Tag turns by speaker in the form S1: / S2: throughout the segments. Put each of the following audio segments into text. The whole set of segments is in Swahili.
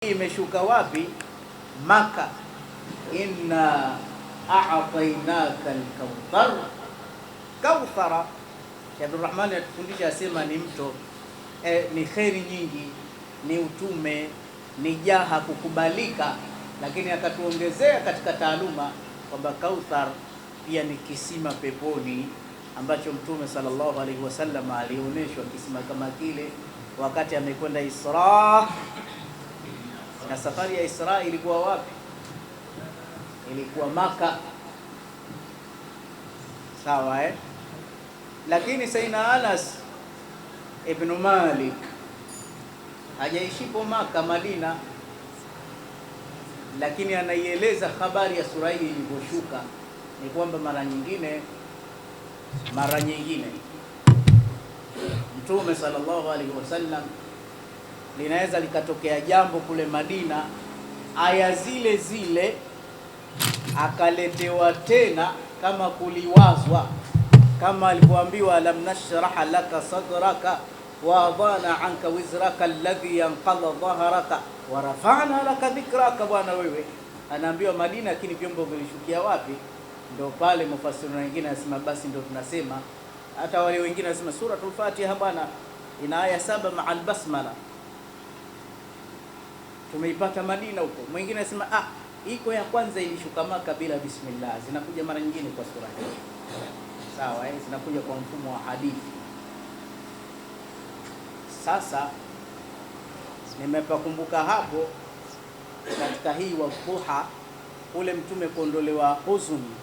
S1: Imeshuka wapi? Maka. inna a'tainaka al-kauthar. Kauthara, Rahman atufundisha asema ni mto eh, ni kheri nyingi, ni utume, ni jaha, kukubalika, lakini akatuongezea katika taaluma kwamba kauthar pia ni kisima peponi ambacho Mtume sallallahu alaihi wasallam alionyeshwa kisima kama kile wakati amekwenda Isra na safari ya Isra ilikuwa wapi? Ilikuwa Maka, sawa eh? Lakini Saina Anas ibn Malik hajaishipo Maka, Madina, lakini anaieleza habari ya sura hii ilivyoshuka. Ni kwamba mara nyingine, mara nyingine Mtume sallallahu alaihi wasallam linaweza likatokea jambo kule Madina, aya zile zile akaletewa tena, kama kuliwazwa, kama alivyoambiwa alam nashraha laka sadraka wa anka wizraka alladhi yanqadha dhahraka wa rafa'na laka dhikraka. Bwana wewe anaambiwa Madina, lakini vyombo vilishukia wapi? Ndo pale mufasiri wengine anasema, basi ndo tunasema hata wale wengine anasema Suratul Fatiha bwana ina aya saba maa basmala tumeipata Madina huko. Mwingine anasema ah, iko ya kwanza ilishuka Maka bila bismillah, zinakuja mara nyingine kwa sura hii sawa, eh, zinakuja kwa mfumo wa hadithi. Sasa nimepakumbuka hapo katika hii wadhuha ule mtume kuondolewa huzuni,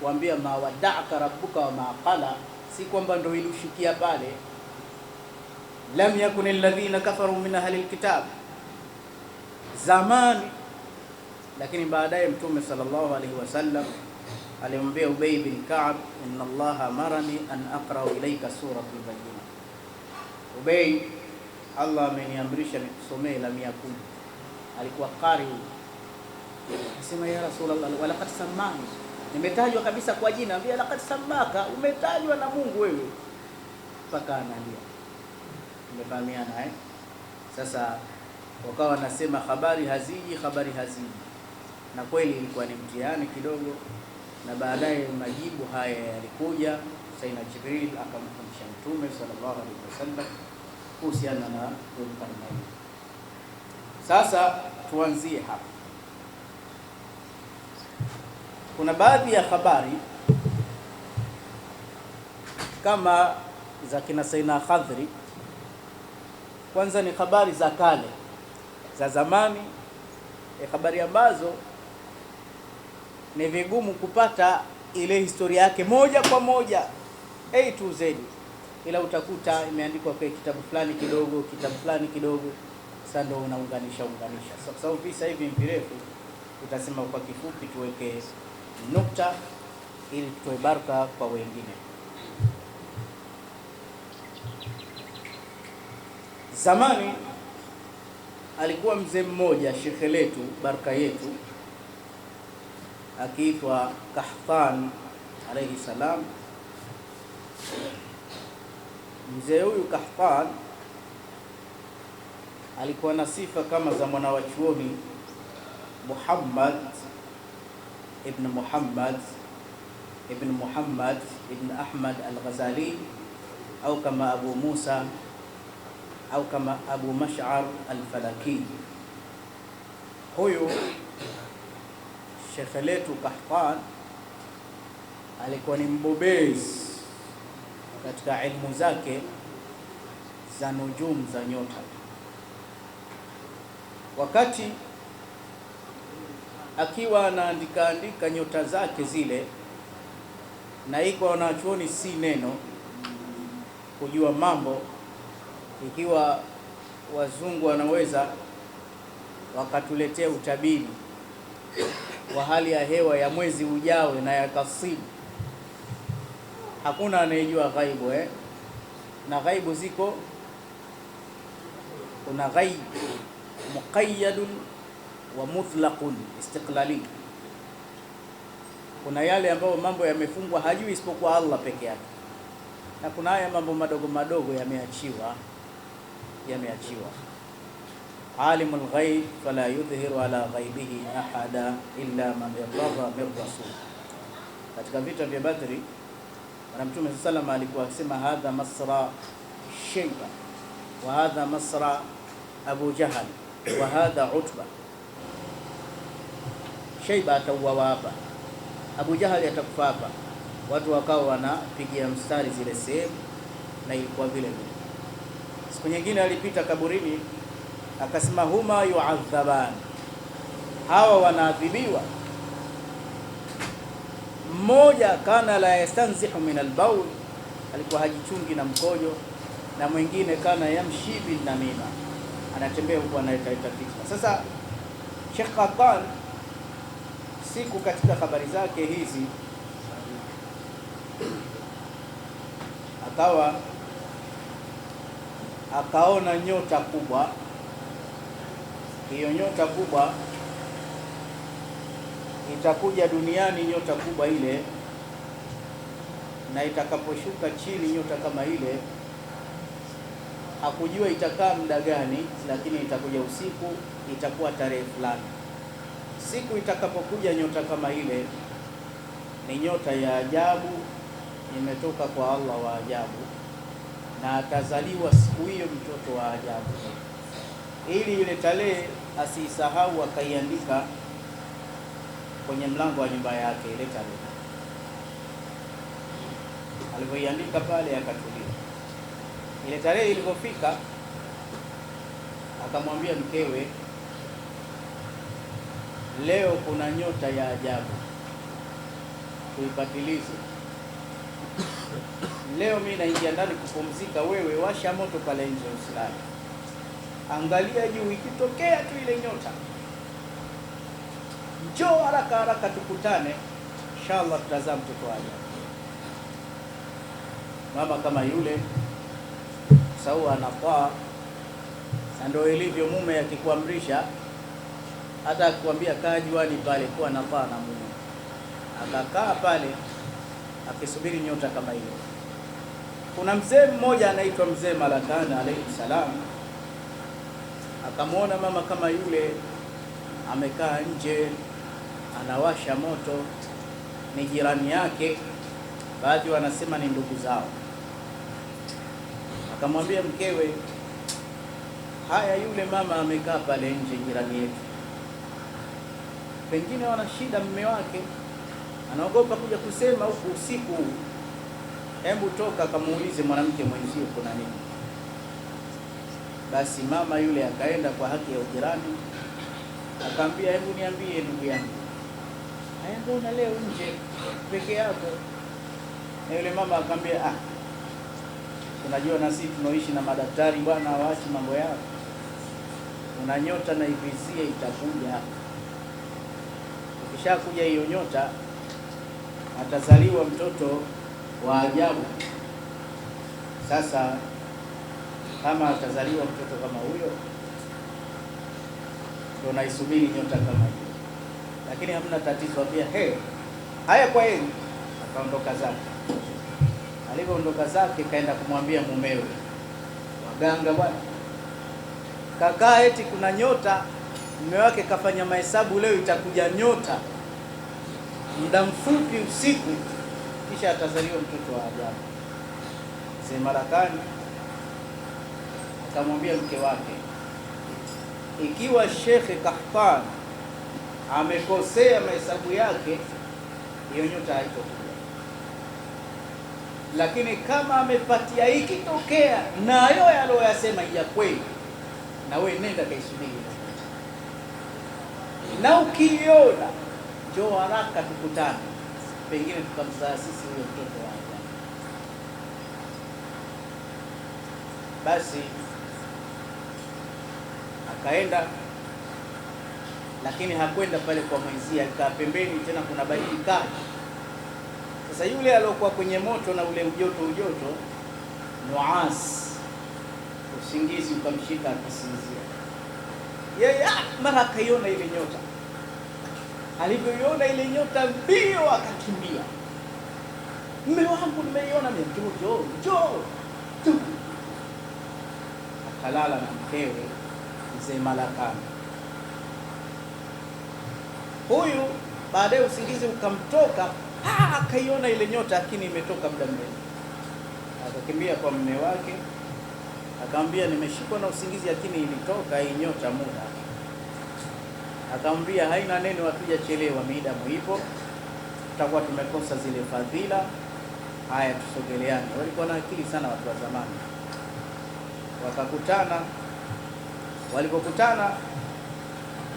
S1: kuambia mawadaka rabbuka wa maqala, si kwamba ndo ilishukia pale, lam yakun alladhina kafaru min ahli alkitab zamani, lakini baadaye Mtume sallallahu alaihi wasallam alimwambia Ubay bin Ka'b, inna Allaha amarani an aqra ilaika suratul bayyina. Ubay, Allah ameniamrisha nikusomee la kumi Alikuwa qari Akasema ya Rasulullah, walaqad samani, nimetajwa kabisa kwa jina. Ambia laqad samaka, umetajwa na Mungu wewe. Mpaka analia, umefahamiana eh? Sasa wakawa wanasema habari haziji, habari haziji, na kweli ilikuwa ni mtihani kidogo, na baadaye majibu haya yalikuja. Saina Jibril akamfundisha Mtume sallallahu alaihi wasallam kuhusiana na Dhul Sasa tuanzie hapa. Kuna baadhi ya habari kama za kina Saina Khadhri, kwanza ni habari za kale za zamani e, habari ambazo ni vigumu kupata ile historia yake moja kwa moja A to Z, ila utakuta imeandikwa kwa kitabu fulani kidogo, kitabu fulani kidogo. Sasa ndio unaunganisha unganisha, kwa sababu visa hivi virefu utasema kwa kifupi tuweke nukta ili tutoe baraka kwa wengine. Zamani alikuwa mzee mmoja shekhe letu baraka yetu akiitwa Kahfan alayhi salam. Mzee huyu Kahfan alikuwa na sifa kama za mwana wa chuoni Muhammad ibn Muhammad ibn Muhammad ibn Ahmad al-Ghazali au kama Abu Musa au kama Abu Mash'ar al-Falaki. Huyu shekhe letu kahtan alikuwa ni mbobezi katika ilmu zake za nujum za nyota. Wakati akiwa anaandika andika nyota zake zile, na iko wanachuoni si neno kujua mambo ikiwa wazungu wanaweza wakatuletea utabiri wa hali ya hewa ya mwezi ujao na ya kasibu hakuna anayejua ghaibu eh? na ghaibu ziko, kuna ghaibu muqayyadun wa mutlaqun istiqlali, kuna yale ambayo mambo yamefungwa hajui isipokuwa Allah peke yake, na kuna haya mambo madogo madogo yameachiwa yameachiwa. Alimul ghaib fala yudhhiru ala ghaibihi ahada illa man irtadha min rasul. Katika vita vya Badri Bwana Mtume sallam alikuwa akisema hadha masra Shayba wa hadha masra Abu Jahal wa hadha Utba. Sheiba atauawa hapa, Abu Jahali atakufa hapa. Watu wakawa wanapigia mstari zile sehemu, na ilikuwa vile vile Siku nyingine alipita kaburini akasema, huma yuadhaban, hawa wanaadhibiwa. Mmoja kana la yastanzihu min albaul, alikuwa hajichungi na mkojo, na mwingine kana yamshi bil namima, anatembea huku analeta fitna. Sasa Sheikh Qattan siku katika habari zake hizi akawa akaona nyota kubwa. Hiyo nyota kubwa itakuja duniani, nyota kubwa ile, na itakaposhuka chini nyota kama ile, hakujua itakaa muda gani, lakini itakuja usiku, itakuwa tarehe fulani. Siku itakapokuja nyota kama ile, ni nyota ya ajabu, imetoka kwa Allah wa ajabu na atazaliwa siku hiyo mtoto wa ajabu, ili ile tarehe asiisahau, akaiandika kwenye mlango wa nyumba yake ile tarehe. Alivyoiandika pale, akatulia. Ile tarehe ilipofika, akamwambia mkewe, leo kuna nyota ya ajabu, tuipatilize Leo mimi naingia ndani kupumzika, wewe washa moto pale nje, usilale, angalia juu. Ikitokea tu ile nyota, njoo haraka haraka tukutane, inshallah tutazaa mtoto aje. Mama kama yule sau anapaa, na ndio ilivyo mume akikuamrisha, hata akikwambia kaa juani pale, kuwa napaa na mume akakaa pale akisubiri nyota kama hiyo. Kuna mzee mmoja anaitwa mzee Malakana alayhi salam, akamwona mama kama yule amekaa nje anawasha moto, ni jirani yake, baadhi wanasema ni ndugu zao. Akamwambia mkewe, haya, yule mama amekaa pale nje, jirani yetu, pengine wana shida, mme wake anaogopa kuja kusema huku usiku. Hebu toka kamuulize mwanamke mwenzio kuna nini? Basi mama yule akaenda kwa haki ya ujirani, akaambia, hebu niambie ndugu yangu, haya mbona leo nje peke yako? Na yule mama akaambia, ah, unajua na sisi tunaoishi na madaktari bwana hawaachi mambo yao, una nyota na ivizie itakuja, ukishakuja hiyo nyota atazaliwa mtoto wa ajabu. Sasa kama atazaliwa mtoto kama huyo, ndio naisubiri nyota kama hiyo, lakini hamna tatizo, ambia he, haya kwa heri. Akaondoka zake. Alivyoondoka zake, kaenda kumwambia mumewe, waganga bwana, kakaa eti kuna nyota. Mume wake kafanya mahesabu, leo itakuja nyota muda mfupi usiku, kisha atazaliwa mtoto wa ajabu. Mzee Marakani akamwambia mke wake, ikiwa Shekhe kahfan amekosea mahesabu yake, hiyo nyota haitokuja, lakini kama amepatia ikitokea nayo aliyoyasema ya kweli, na we nenda kaisubiri, na ukiiona njoo haraka tukutane, pengine tukamzaa sisi huyo mtoto wa Basi akaenda, lakini hakwenda pale kwa mwenzie, alikaa pembeni, tena kuna baridi kali. Sasa yule aliyokuwa kwenye moto na ule ujoto ujoto, Nuas usingizi ukamshika akasinzia yeye, ah, mara akaiona ile nyota Alivyoiona ile nyota mbio akakimbia. Mme wangu nimeiona mimi, njoo njoo njoo. Akalala na mkewe mzee Malakani. Huyu baadaye usingizi ukamtoka, akaiona ile nyota, lakini imetoka muda mrefu. Akakimbia kwa mme wake, akamwambia nimeshikwa na usingizi, lakini ilitoka hii nyota muda akamwambia haina neno, akija chelewa mida muipo, tutakuwa tumekosa zile fadhila. Haya, tusogeleane. Walikuwa na akili sana watu wa zamani, wakakutana. Walipokutana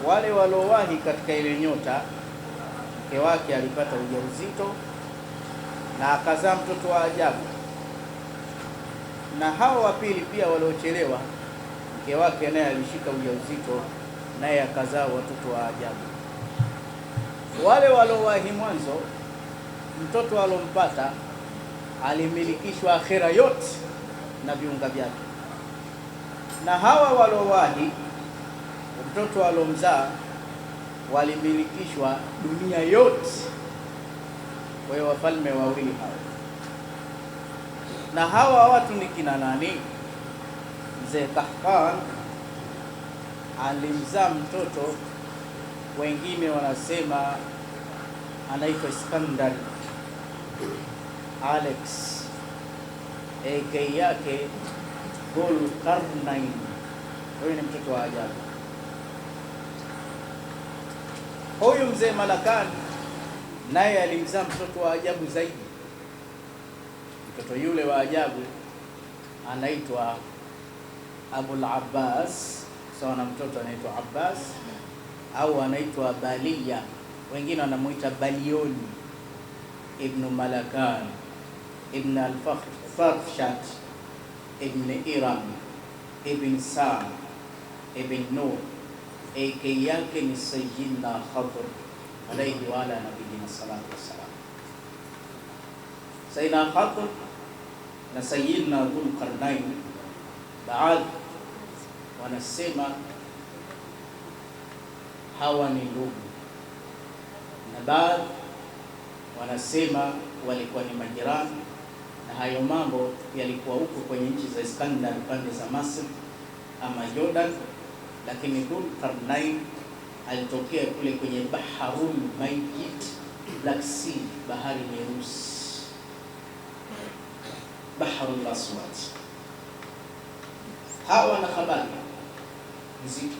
S1: wale waliowahi katika ile nyota, mke wake alipata ujauzito na akazaa mtoto wa ajabu, na hawa wa pili pia waliochelewa, mke wake naye alishika ujauzito naye akazaa watoto wa ajabu. Wale walowahi mwanzo, mtoto alompata alimilikishwa akhira yote na viunga vyake, na hawa walowahi mtoto alomzaa walimilikishwa dunia yote. Kwa hiyo wafalme wawili hao. Na hawa watu ni kina nani? Mzee Kahkan alimzaa mtoto, wengine wanasema anaitwa Iskandar Alex, AK yake Dhulqarnain. Huyu ni mtoto wa ajabu. Huyu mzee Malakani naye alimzaa mtoto wa ajabu zaidi. Mtoto yule wa ajabu anaitwa Abul Abbas sawa na mtoto anaitwa Abbas au anaitwa baliya wengine wanamuita Balioni ibnu Malakan ibn al-Fakhshat ibn Iram ibn Sam ibn nur ak yake ni Sayyidna Khadr alayhi wa ala nabiyina salatu wassalam. Sayyidna Khadr na Sayyidna Dhul baadhi wanasema hawa ni ndugu, na baadhi wanasema walikuwa ni majirani, na hayo mambo yalikuwa huko kwenye nchi za Iskandar pande za masr ama Jordan, lakini Dhulqarnain alitokea kule kwenye Baharul Mayyit, Black Sea, bahari nyeusi, Baharul Aswad. Hawa na habari mziki.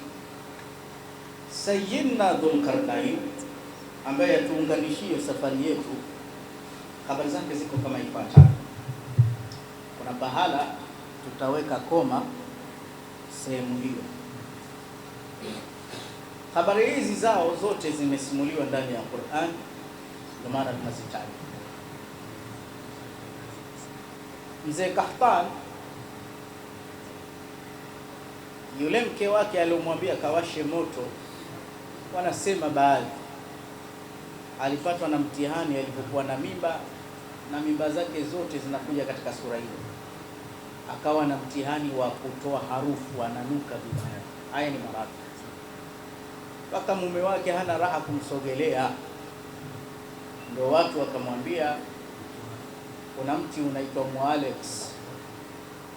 S1: Sayyidna Dhulqarnain ambaye atuunganishie safari yetu, habari zake ziko kama ifuatavyo. Kuna pahala tutaweka koma sehemu hiyo. Habari hizi zao zote zimesimuliwa ndani ya Qur'an, ndio maana tunazitaja. Mzee Kahtan yule mke wake aliomwambia kawashe moto, wanasema baadhi alipatwa na mtihani alipokuwa na mimba, na mimba zake zote zinakuja katika sura hiyo, akawa na mtihani wa kutoa harufu, ananuka vibaya. Haya ni maradhi, mpaka mume wake hana raha kumsogelea. Ndio watu wakamwambia, kuna mti unaitwa mwalex,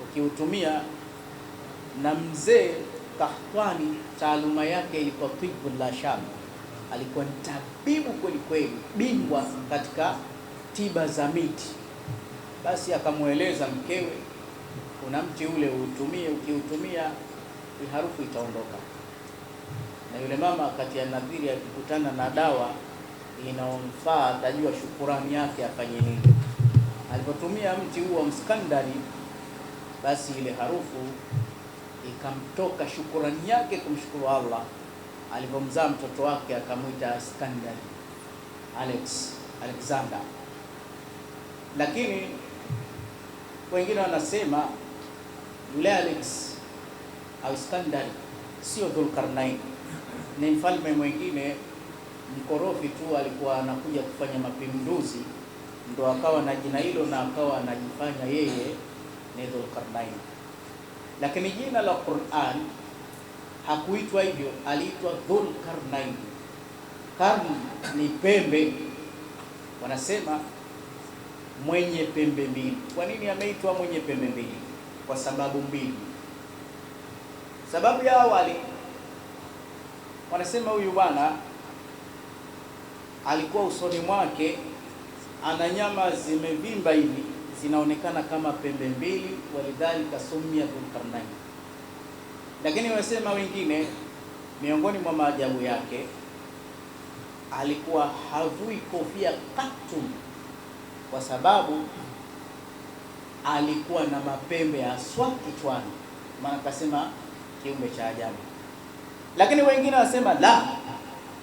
S1: ukiutumia na mzee Kahtwani taaluma yake ilikuwa tibu la sham, alikuwa ni tabibu kweli kweli, bingwa katika tiba za miti. Basi akamweleza mkewe, kuna mti ule uutumie, ukiutumia harufu itaondoka. Na yule mama kati ya nadhiri, akikutana na dawa inaomfaa atajua shukurani yake afanye nini. Alipotumia mti huo mskandari, basi ile harufu ikamtoka shukurani yake kumshukuru Allah alipomzaa mtoto wake akamwita Iskandar Alex Alexander. Lakini wengine wanasema yule Alex au Iskandar sio Dhulkarnain, ni mfalme mwingine mkorofi tu, alikuwa anakuja kufanya mapinduzi, ndo akawa na jina hilo na akawa anajifanya yeye ni Dhulkarnain. Lakini jina la Qur'an hakuitwa hivyo, aliitwa Dhul Qarnain. Qarn ni pembe, wanasema mwenye pembe mbili. Kwa nini ameitwa mwenye pembe mbili? Kwa sababu mbili. Sababu ya awali, wanasema huyu bwana alikuwa usoni mwake ana nyama zimevimba hivi zinaonekana kama pembe mbili, walidhalika sumia Dhulqarnain. Lakini wamesema wengine, miongoni mwa maajabu yake alikuwa havui kofia katum, kwa sababu alikuwa na mapembe aswa kichwani, maana kasema kiumbe cha ajabu. Lakini wengine wasema la,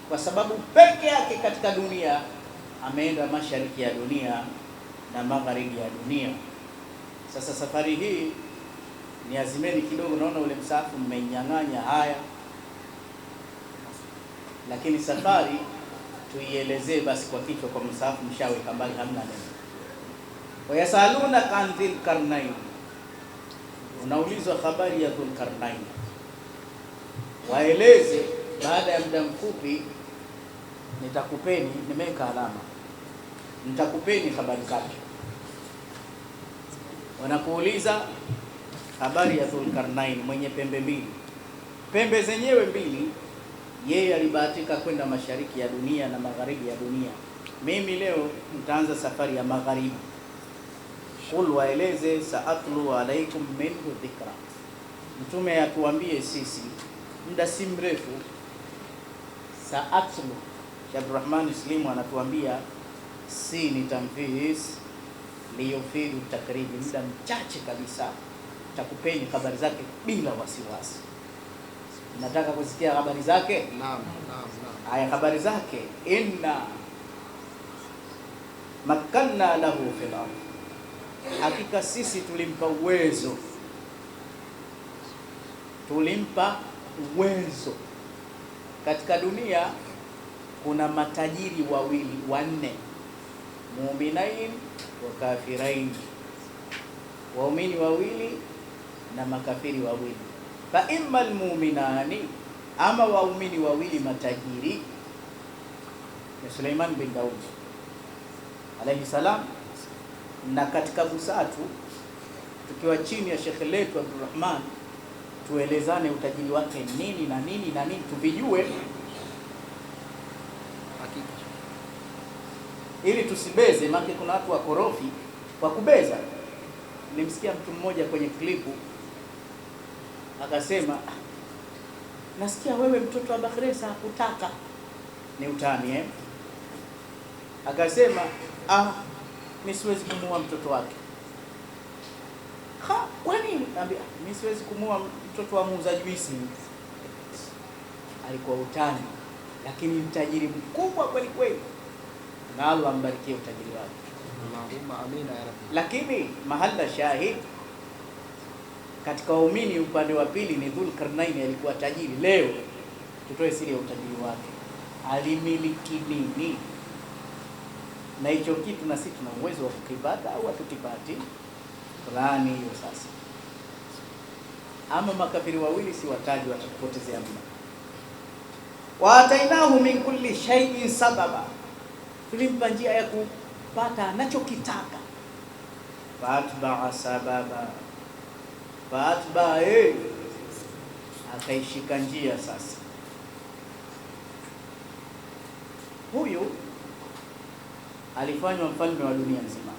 S1: kwa sababu peke yake katika dunia ameenda mashariki ya dunia na magharibi ya dunia. Sasa safari hii ni azimeni kidogo, naona ule msaafu mmenyang'anya Haya, lakini safari tuielezee basi kwa kichwa, kwa msaafu mshaweka mbali, hamna neno. Wayasaluna an Dhil Karnain, unaulizwa habari ya Dhul Karnain, waeleze. Baada ya muda mfupi nitakupeni, nimeweka alama, nitakupeni habari zake wanakuuliza habari ya Dhulkarnain mwenye pembe mbili. Pembe zenyewe mbili, yeye alibahatika kwenda mashariki ya dunia na magharibi ya dunia. Mimi leo nitaanza safari ya magharibi. Kul waeleze saatlu alaikum minhu dhikra. Mtume atuambie sisi muda si mrefu, saatlu Abdurrahman Slimu anatuambia si ni liyofidu takribi, muda mchache kabisa takupeni habari zake bila wasiwasi. Nataka kusikia habari zake. Naam, naam, naam. Haya, habari zake, inna makkanna lahu fil ardh, hakika sisi tulimpa uwezo, tulimpa uwezo katika dunia. Kuna matajiri wawili wanne muminain wa kafirain, waumini wawili na makafiri wawili. Fa imma almuminani, ama waumini wawili matajiri ni Suleiman bin Daud alayhi salam, na katika busatu tukiwa chini ya shekhe letu Abdurrahman tuelezane utajiri wake nini na nini na nini tuvijue ili tusibeze, maana kuna watu wakorofi wa kubeza. Nilimsikia mtu mmoja kwenye klipu akasema, nasikia wewe mtoto wa Bakhresa hakutaka ni utani eh? Akasema ah, mi siwezi kumuua mtoto wake. Ha, kwa nini? Naambia mi siwezi kumuua mtoto wa muuza juisi. Alikuwa utani, lakini mtajiri mkubwa kweli kweli na Allah ambarikie utajiri wake.
S2: Allahumma amina ya rabbi.
S1: Lakini mahala shahid katika waumini upande wa pili ni Dhul Karnaini alikuwa tajiri. Leo tutoe siri ya utajiri wake, alimiliki nini? Na hicho kitu na sisi tuna uwezo wa kukipata au hatukipati? Qurani hiyo sasa. Ama makafiri wawili si wataji, watakupotezea mno. Waatainahu min kulli shay'in sababa tulimpa njia ya kupata anachokitaka. faatbaa sababa, faatbaa yeye akaishika njia. Sasa huyu alifanywa mfalme wa dunia nzima